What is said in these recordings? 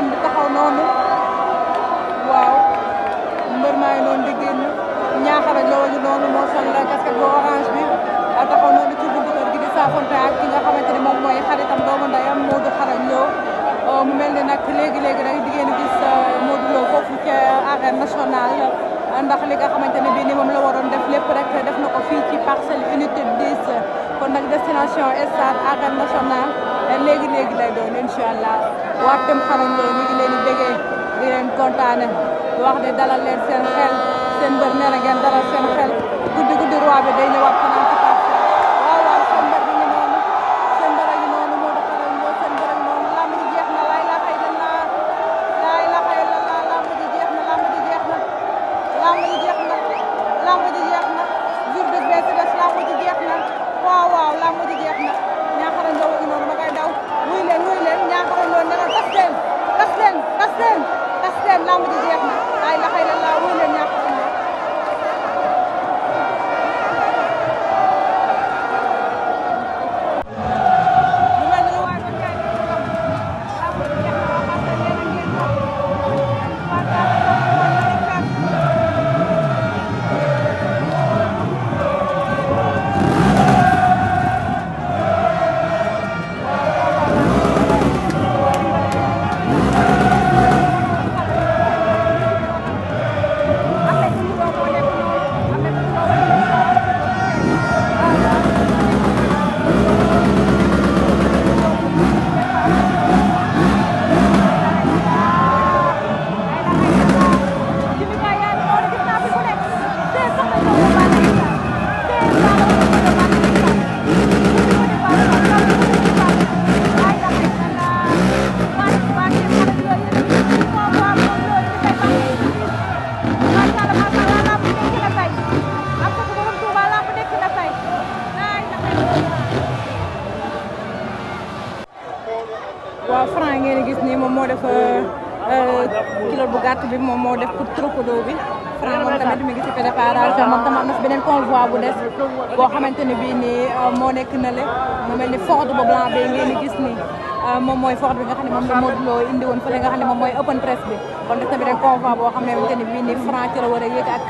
femme bi taxaw noonu waaw mbër maa ngi noonu di génn ñaaxara loolu noonu moo sol la casquette bu orange bi taxaw noonu ci buntu kër gi di saafonte ak ki nga xamante ni moom mooy xaritam doomu ndeyam Modou Xarañ Lo oh, mu mel ni nag léegi léegi rek di ngeen gis euh, Modou Lo foofu ca arène nationale ndax li nga xamante ne bii ni moom la waroon def lépp rek def na ko fii ci parcelle unité 10 kon nag destination stade arène nationale. incha allah waa Tem Xarañ Lo ñu ngi leen di déggee di leen kontaane wax de dalal leen seen xel seen bër nee na ngeen dalal seen xel guddi guddi roi bi day ñëwaat instant ngeen a gis nii moom moo def euh, euh, kilo bu gàtt bi moom moo def pour tropodo bi Franc moom tamit mi ngi ci préparation moom tamit am na fi beneen convoi bu des boo xamante ni bii nii euh, moo nekk na le mu mel ni Ford bu blanc bi ngeen gis nii moom mooy Ford bi nga xam ne moom la Modou Lo indi woon fële nga xam ne moom mooy open press bi kon des na beneen convoi boo xam ne xamante ni bii nii Franc ci la war a yéeg ak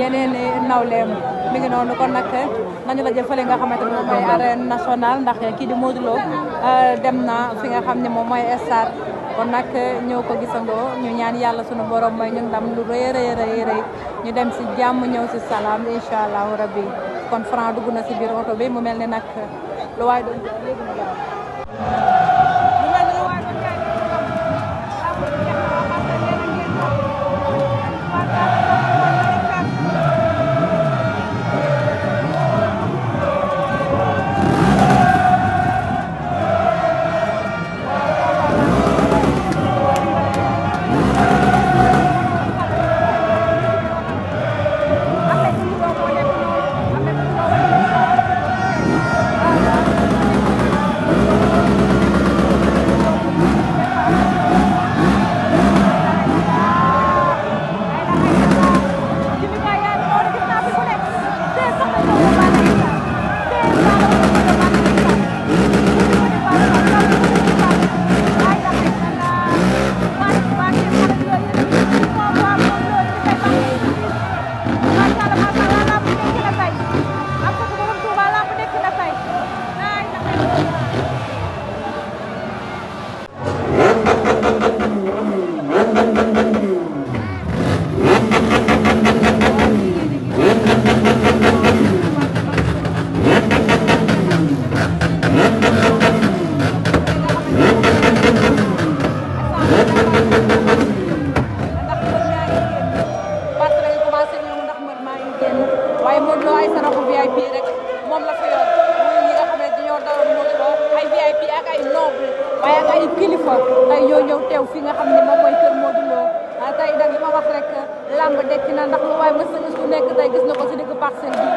yeneen nawleem mi ngi noonu kon nag nañu la jël fële nga xamante ni moom mooy arène nationale ndax kii di Modou Lo Euh, dem na fi nga xam ne moom mooy stade kon nag ñoo ko gisandoo ñu ñaan yàlla sunu borom may ñu ndam lu rëy rëy rëy ñu dem si jàmm ñëw si salaam incha allahu rabbi kon Franc dugg na si biir oto bi mu mel ni nag lu waay doon léegi waaye Modou Lo ay saraxu VIP rek moom la fa yor muy ñi nga xam ne dañoo doon Modou Lo ay VIP ak ay noble waaye ak ay kilifa tey ñoo ñëw teew fi nga xam ne moom mooy kër Modou Lo ah, tey nag ma wax rek lamb dekki na ndax lu waaye mës su nekk tey gis na ko si dëkk Parcelles bi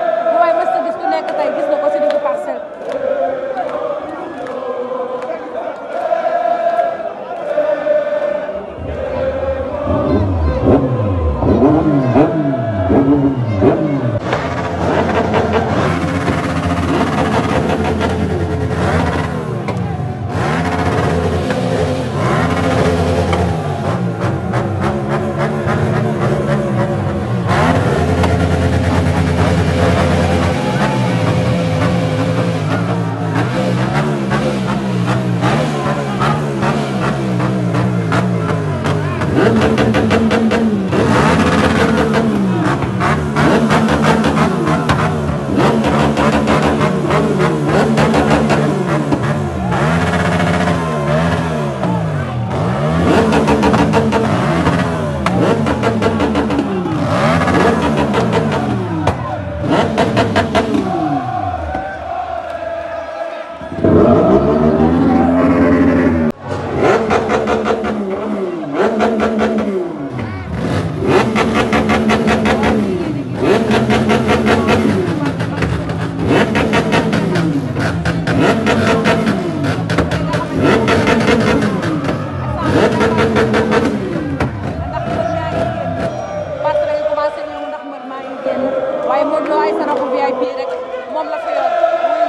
waaye Modou Lo ay saraxu VIP rek moom la fa yor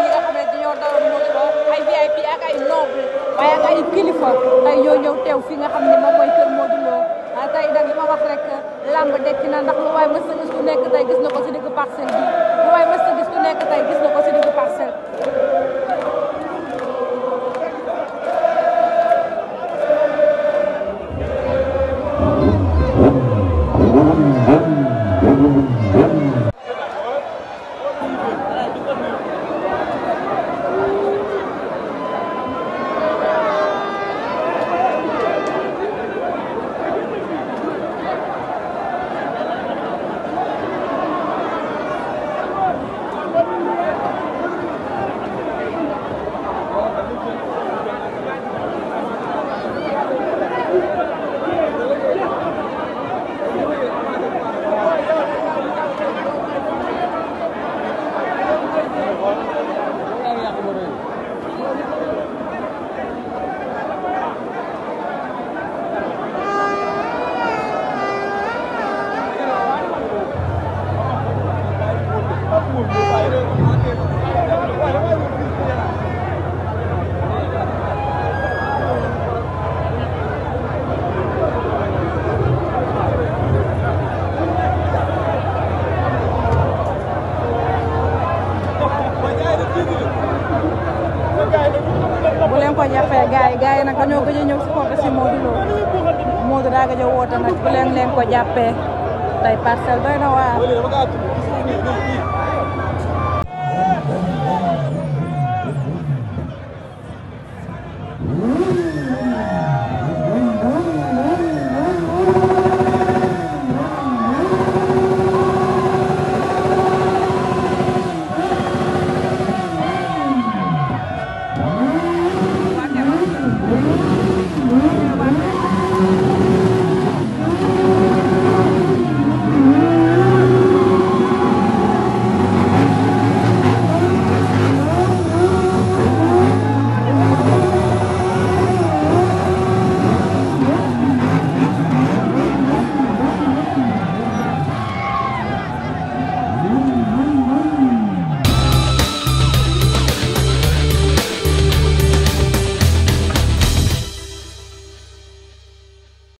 nga xam ne dañoo daroon ay VIP ak ay noble waaye ak ay kilifa tey ñoo teew fi nga xam ne moom mooy kër Modou Lo ah, tey nag wax rek làmb dekki na ndax lu waaye mës a gis ku nekk tey gis na ko si digg parcelle lu waaye mës a gis ku nekk tey gis na ko gars yi nag dañoo gëj a ñëw supporter si Modou Lo Modou daa gëj a woote bu leen leen ko jàppee tey parcelle doy na waar